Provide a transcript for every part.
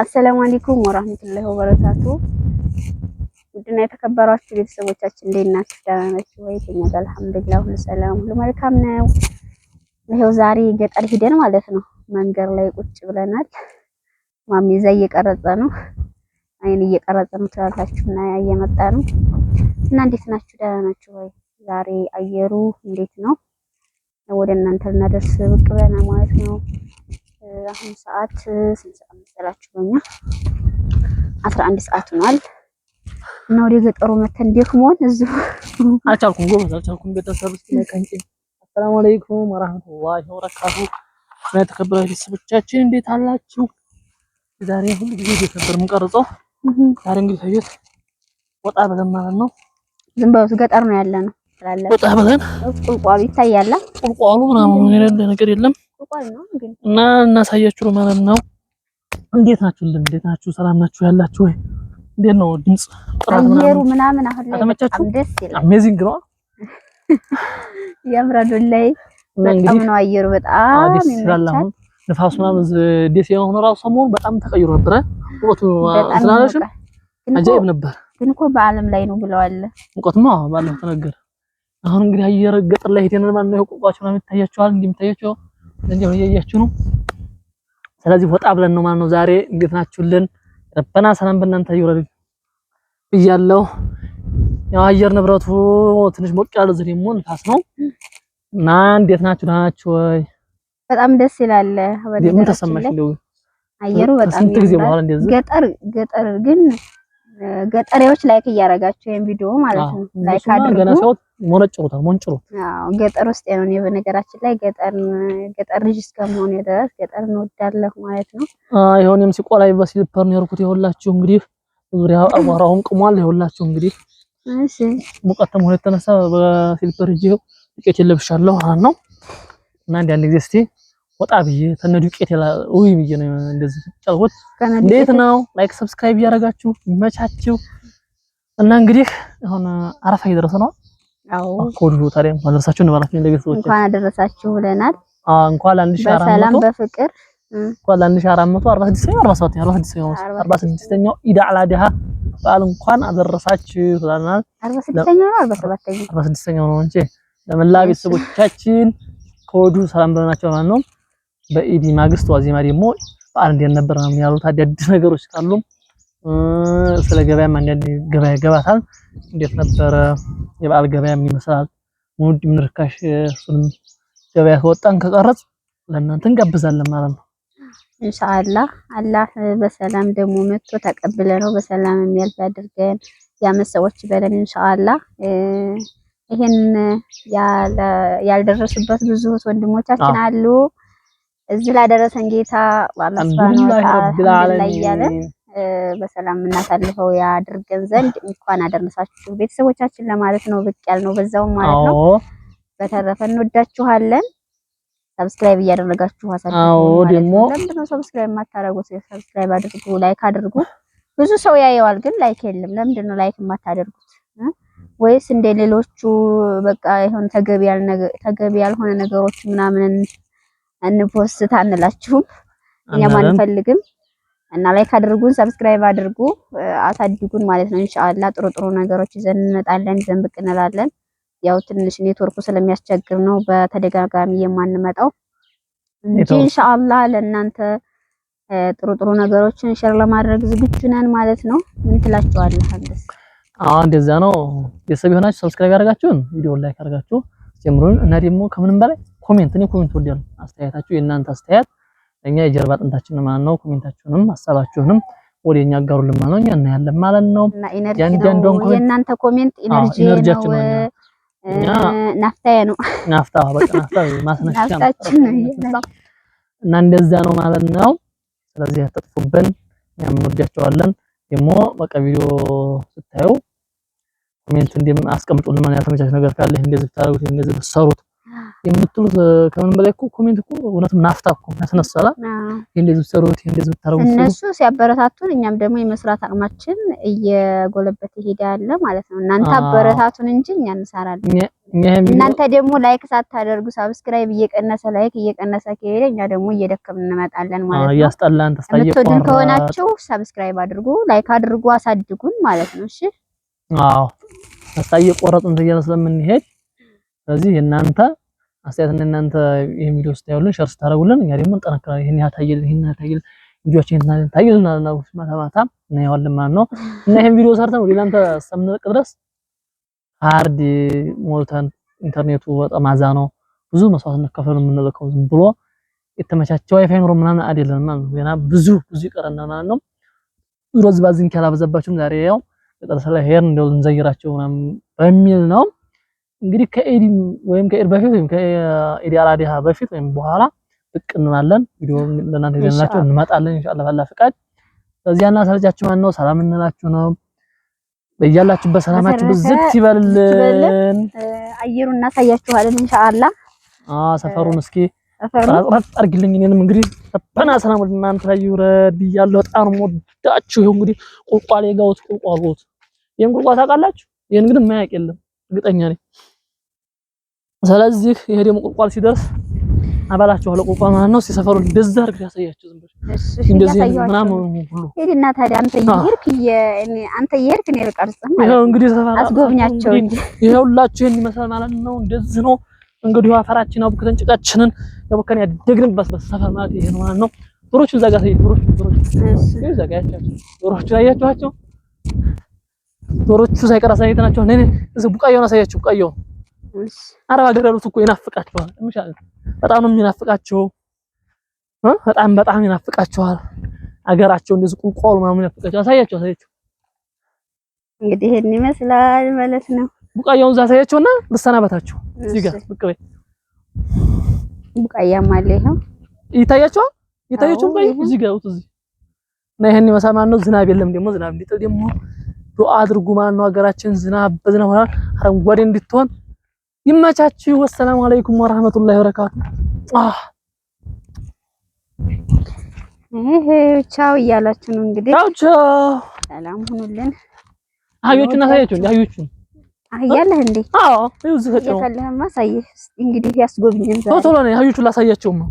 አሰላሙ አለይኩም ወራህመቱላሂ ወበረካቱ። ውድና የተከበሯችሁ ቤተሰቦቻችን እንዴት ናችሁ? ደህና ናችሁ ወይ? ከኛ ጋር አልሐምዱሊላህ ሁሉ ሰላም፣ ሁሉ መልካም ነው። ይሄው ዛሬ ገጠር ሂደን ማለት ነው መንገድ ላይ ቁጭ ብለናል። ማሚ እዛ እየቀረጸ ነው፣ አይን እየቀረጸ ነው ትላላችሁ እና እየመጣ ነው እና እንዴት ናችሁ? ደህና ናችሁ ወይ? ዛሬ አየሩ እንዴት ነው? ወደ እናንተ ልናደርስ ብቅ ብለና ማለት ነው አሁን ሰዓት ስንት ሰዓት መሰላችሁ? በእኛ አስራ አንድ ሰዓት ሆኗል እና ወደ ገጠሩ መተን ደክሞን እዚሁ አልቻልኩም። ጎበዝ አልቻልኩም። ቤተሰብ ውስጥ ነቀንጭ አሰላሙ አለይኩም ወራህመቱላሂ ወበረካቱ። የተከበራችሁ ቤተሰቦቻችን እንዴት አላችሁ? ዛሬ ሁሉ ጊዜ እየከበር የምንቀርጸው ዛሬ እንግዲህ ታየት ወጣ ብለን ማለት ነው። ዝም ብለው ገጠር ነው ያለ ነው ወጣ ብለን ቁልቋሉ ይታያል። ቁልቋሉ ምናምን የሌለ ነገር የለም። እና እናሳያችሁ ማለት ነው። እንዴት ናችሁ? እንዴት ናችሁ? ሰላም ናችሁ? ያላችሁ ወይ? እንዴት ነው ድምጽ ጥራት ምናምን አሁን ላይ በጣም አሜዚንግ ነው ያምራሉ ላይ በጣም ነው አየሩ በጣም ይመቻል። ንፋስ ምናምን ደስ የሆነ ራሱ ሰሞኑን በጣም ተቀይሮ ነበረ። ወጡ ስላለሽ አጃይብ ነበር። ግን እኮ በዓለም ላይ ነው ብለዋል። ሙቀትማ በዓለም ተነገረ። አሁን እንግዲህ አየር ገጠር ላይ ሄደን ማለት ነው። ቁቋቸው ምናምን ይታያቸዋል እንደሚታያቸው እንደው እያያችሁ ነው። ስለዚህ ወጣ ብለን ነው ማለት ነው። ዛሬ እንዴት ናችሁልን? ረበና ሰላም በእናንተ ይውረድ ብያለሁ። ያው አየር ንብረቱ ትንሽ ሞቅ ያለ ሞን ንፋስ ነው እና እንዴት ናችሁ? ደህና ናችሁ ወይ? በጣም ደስ ይላል። ወደ ምን ተሰማሽ? አየሩ በጣም ገጠር ገጠር ግን ገጠሬዎች ላይክ እያደረጋችሁ ይሄን ቪዲዮ ማለት ነው። ላይክ አድርጉ። ገና ሰው ሞነጭሩታ ሞንጭሩ። አዎ ገጠር ውስጥ ነው በነገራችን ላይ ገጠር ገጠር ልጅ እስከመሆን ድረስ ገጠር እንወዳለሁ ማለት ነው። አዎ ይሁንም ሲቆላይ በስሊፐር ነው የሄድኩት። ይኸውላችሁ እንግዲህ ዙሪያው አቧራውን ቁሟል። ይኸውላችሁ እንግዲህ እሺ፣ ሙቀትም ሆነ የተነሳ በስሊፐር እጄው ጥቂት ለብሻለሁ አሁን ነው እና አንድ ጊዜ እስቲ ወጣ ብዬ ተነዱ ቄት ያላ ኡይ ብዬ ነው እንደዚህ ጫልኩት። እንዴት ነው? ላይክ ሰብስክራይብ እያደረጋችሁ ይመቻችሁ። እና እንግዲህ አሁን አረፋ እየደረሰ ነው። አዎ ኮዱ ታሪም ማድረሳችሁ ነው ማለት ነው። እንኳን አደረሳችሁ ብለናል። አዎ እንኳን ለአንድ ሺህ አራት መቶ በሰላም በፍቅር እንኳን ለአንድ ሺህ አራት መቶ አርባ ስድስተኛው አርባ ሰባተኛው አርባ ስድስተኛው አርባ ስድስተኛው ኢድ አል አድሃ በዓል እንኳን አደረሳችሁ ብለናል። አርባ ስድስተኛው ነው አርባ ሰባተኛው አርባ ስድስተኛው ነው እንጂ ለመላ ቤተሰቦቻችን ኮዱ ሰላም ብለናቸው ማለት ነው። በኢዲ ማግስት ዋዜማ ደግሞ በዓል እንዴት ነበር ነው ያሉት። አዳዲስ ነገሮች ካሉ ስለ ገበያም አንዳንድ ገበያ ገባታል። እንዴት ነበረ የበዓል ገበያ ምን ይመስላል? ሙድ ምን ርካሽ እሱንም ገበያ ከወጣን ከቀረጽ ለእናንተ እንጋብዛለን ማለት ነው። ኢንሻአላህ አላህ በሰላም ደግሞ መጥቶ ተቀብለ ነው በሰላም የሚያልፍ ያድርገን። የዓመት ሰዎች በለን ኢንሻአላህ። ይሄን ያልደረሱበት ብዙ ወንድሞቻችን አሉ። እዚህ ላደረሰን ጌታ ላይ እያለ በሰላም የምናሳልፈው ያድርገን ዘንድ እንኳን አደረሳችሁ ቤተሰቦቻችን ለማለት ነው ብቅ ያልነው በዛውም ማለት ነው። በተረፈ እንወዳችኋለን። ሰብስክራይብ እያደረጋችሁ አሳድጉ። ደግሞ ለምንድነው ሰብስክራይብ የማታደርጉት? ሰብስክራይብ አድርጉ፣ ላይክ አድርጉ። ብዙ ሰው ያየዋል፣ ግን ላይክ የለም። ለምንድነው ላይክ የማታደርጉት? ወይስ እንደ ሌሎቹ በቃ ይሁን ተገቢ ያልሆነ ነገሮች ምናምን እንፖስት አንላችሁም። እኛም አንፈልግም እና ላይክ አድርጉን፣ ሰብስክራይብ አድርጉ፣ አሳድጉን ማለት ነው። ኢንሻአላ ጥሩ ጥሩ ነገሮች ይዘን እንመጣለን፣ ይዘን ብቅ እንላለን። ያው ትንሽ ኔትወርኩ ስለሚያስቸግር ነው በተደጋጋሚ የማንመጣው እንጂ ኢንሻአላ ለእናንተ ጥሩ ጥሩ ነገሮችን ሼር ለማድረግ ዝግጁ ነን ማለት ነው። ምን ትላችኋለህ አዎ እንደዛ ነው። ቤተሰብ የሆናችሁ ሰብስክራይብ ያደርጋችሁን፣ ቪዲዮ ላይክ አድርጋችሁ ጀምሩን እና ደግሞ ከምንም በላይ ኮሜንት እኔ ኮሜንት ወዲያለሁ። አስተያየታችሁ የእናንተ አስተያየት እኛ የጀርባ አጥንታችን ማለት ነው። ኮሜንታችሁንም ሀሳባችሁንም ወደ እኛ አጋሩልን ማለት ነው። እኛ እናያለን ማለት ነው። የእናንተ ኮሜንት ኢነርጂ ነው፣ ናፍታዬ ነው። ናፍታ በቃ ናፍታ ማስነሻ ነው እና እንደዛ ነው ማለት ነው። ስለዚህ አትጥፉብን፣ እኛም እንወዳቸዋለን። ደግሞ በቃ ቪዲዮ ስታዩ ኮሜንት እንደም አስቀምጡልን ማለት ነው። ነገር ካለ እንደዚህ ታደርጉት እንደዚህ ብትሰሩት የምትሉት ከምን በላይ እኮ ኮሜንት እኮ እውነትም ናፍታ እኮ ያስነሳል። እንደዚህ ሰሩት እንደዚህ ታረጉት እነሱ ሲያበረታቱን፣ እኛም ደግሞ የመስራት አቅማችን እየጎለበት ያለ ማለት ነው። እናንተ አበረታቱን እንጂ እኛ እንሰራለን። እናንተ ደግሞ ላይክ ሳታደርጉ ሳብስክራይብ እየቀነሰ ላይክ እየቀነሰ ከሄደ እኛ ደግሞ እየደከምን እንመጣለን ማለት ነው። እያስጠላን ተስተያየቁ የምትወዱን ከሆናችሁ ሳብስክራይብ አድርጉ፣ ላይክ አድርጉ፣ አሳድጉን ማለት ነው። እሺ አዎ ተስተያየቁ ቆረጥን ስለምንሄድ ስለዚህ እናንተ አስተያየት እናንተ ይሄን ቪዲዮ ስታዩልን ሸር ስታደርጉልን እኛ ደግሞ እንጠነክራለን። ይሄን ያታየል ይሄን ያታየል ልጆችን ታዩልና ነው ማታ ማታ እናየዋለን ማለት ነው። እና ይሄን ቪዲዮ ሰርተን ወደ እናንተ እስከምንለቅ ድረስ ሃርድ ሞልተን ኢንተርኔቱ በጣም አዛ ነው። ብዙ መስዋዕትነት ከፍለን የምንልከው ዝም ብሎ የተመቻቸው ዋይፋይ ኖሮ ምናምን አይደለም ማለት ነው። ገና ብዙ ብዙ ይቀረና ማለት ነው። ሮዝ ባዝን ካላበዛባችሁም ዛሬ ያው በጠርሰ ላይ ሄር እንደው እንዘይራቸው በሚል ነው እንግዲህ ከኢድ ወይም ከኢድ በፊት ወይም ከኢድ አላዲሃ በፊት ወይም በኋላ ብቅ እንላለን። ቪዲዮ ለእናንተ ይዘንላችሁ እንመጣለን ኢንሻአላህ ባላ ፍቃድ። ስለዚህ ሰርጃችሁ ማን ነው? ሰላም እንላችሁ ነው። በያላችሁበት ሰላማችሁ ብዝት ይበልልን። አየሩን እናሳያችኋለን ኢንሻአላህ። አዎ ሰፈሩን እስኪ ራጥ አድርግልኝ። እኔንም እንግዲህ ተፈና ሰላም ወደ እናንተ ላይ ይውረድ ብያለሁ። በጣም ወዳችሁ። እንግዲህ ቁልቋል የጋውት ቁልቋል ቦት ይሄን ቁልቋል ታውቃላችሁ። ይሄን እንግዲህ የማያውቅ የለም እርግጠኛ ነኝ። ስለዚህ ይሄ ደግሞ ቁልቋል ሲደርስ አባላችሁ ለቁልቋል ማለት ነው። ሲሰፈሩ እንደዛ አድርገሽ ያሳያችሁ ዝም ብለሽ እንደዚህ ምናምን ሁሉ ሄድና ታዲያ አንተ ይሄድክ እኔ አንተ ይሄድክ እኔ ልቀርጽ ማለት ነው። እንግዲህ ሰፈራ አስጎብኛቸው እንጂ ይሄ ሁላችሁ ይሄን ይመስላል ማለት ነው። እንደዚህ ነው እንግዲህ አፈራችን አቡክተን ጭቃችንን ያቡከን ያደግንበት በሰፈር ማለት ይሄ ነው ማለት ነው። ዶሮቹን እዛ ጋር ዶሮቹ ዶሮቹ እዛ ጋር ያያችሁ ዶሮቹ አያችኋቸው ዶሮቹ ሳይቀር አሳየናቸው። ነይ ነይ እዚህ ቡቃያውን አሳያችሁ ቡቃያውን አረብ ሀገር ያሉት እኮ ይናፍቃቸዋል። በጣም ነው የሚናፍቃቸው። በጣም በጣም ይናፍቃቸዋል። አገራቸው እንደዚህ ቁልቋሉ ምናምን ያፍቃቸው። አሳያቸው አሳያቸው። እንግዲህ ይሄን ይመስላል ማለት ነው። ቡቃያውን እዛ አሳያቸውና ልሰናበታቸው። እዚህ ጋር ብቅ በይ። ቡቃያም አለ ይሄው ይታያቸዋል። ይታያቸው ቆይ እዚህ ጋር ወጥ እዚህ እና ይሄን ይመስላል ማለት ነው። ዝናብ የለም ደግሞ ዝናብ እንዲጥል ደግሞ ዱአ አድርጉ ማለት ነው። አገራችን ዝናብ በዝናብ አረንጓዴ እንድትሆን ይመቻችሁ። ወሰላሙ አለይኩም ወራህመቱላሂ ወበረካቱ። አህ እህ ቻው እያላችሁ ነው እንግዲህ። ቻው ቻው፣ ሰላም ሁኑልን። አህዮቹና ሳይዮቹ አህዮቹ አያለህ እንዴ? አዎ፣ ይውዝ ተጨው ይፈልህማ። ሳይህ እንግዲህ ያስጎብኘን ዛሬ ቶሎ ነው። አህዮቹን ላሳያቸውማ።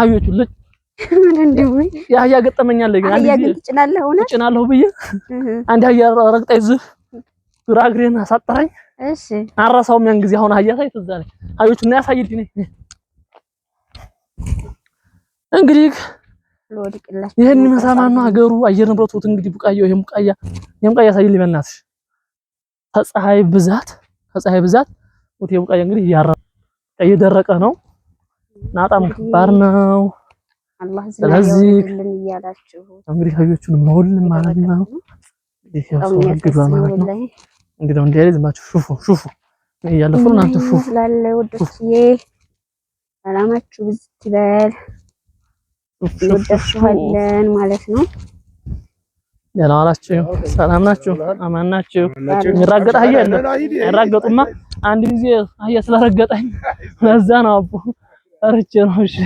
አህዮቹን ልጅ ምን እንዴ ወይ የአህያ ገጠመኛ አለ። ግን አህያ ግን ትጭናለህ? ሆነ ትጭናለሁ ብዬ አንድ አህያ ረግጣ ይዝ ግራ እግሬን አሳጠረኝ። እሺ አረሳውም። ያን ጊዜ አሁን አህያ ሳይት እዛ ላይ አህዮቹ እና ያሳይልኝ እንግዲህ ልወድቅላችሁ ይሄን መሳማን ነው ሀገሩ አየር ንብረቱ እንግዲህ ቡቃያው ይሄም ቡቃያ ይሄም ቡቃያ ሳይልኝ በእናትሽ ከፀሐይ ብዛት ከፀሐይ ብዛት ወቴ ቡቃያ እንግዲህ ያራ እየደረቀ ነው እና በጣም ከባድ ነው። አላህ ስለዚህ እንግዲህ አህዮቹን መውል ማለት ነው። ይሄ ሰው ግባ ማለት ነው። እንግዲህ አሁን ዲያሊ ዝማችሁ ሹፉ ሹፉ እያለፈው እናንተ ሹፉ ላለ ወደስዬ ሰላማችሁ ብዝት ይበል። ወደስኋለን ማለት ነው። ደህና ዋላችሁ፣ ሰላም ናችሁ፣ አማን ናችሁ። የሚራገጥ አህያ አለ አይራገጡማ። አንድ ጊዜ አህያ ስለረገጠኝ ለዛ ነው አቦ ፈርቼ ነው። እሺ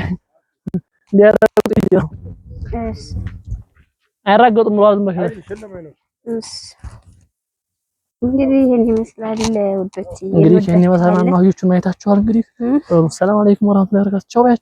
ሊያረግጡ ይሄ አይራገጡም ብለዋል። ዝም በይ እሺ እንግዲህ ይሄን ይመስላል ውዶች። እንግዲህ ይመስላል ከኔ ማሳማማሁቹ ማየታችኋል። እንግዲህ ሰላም አለይኩም ወራህመቱላሂ ወበረካቱ።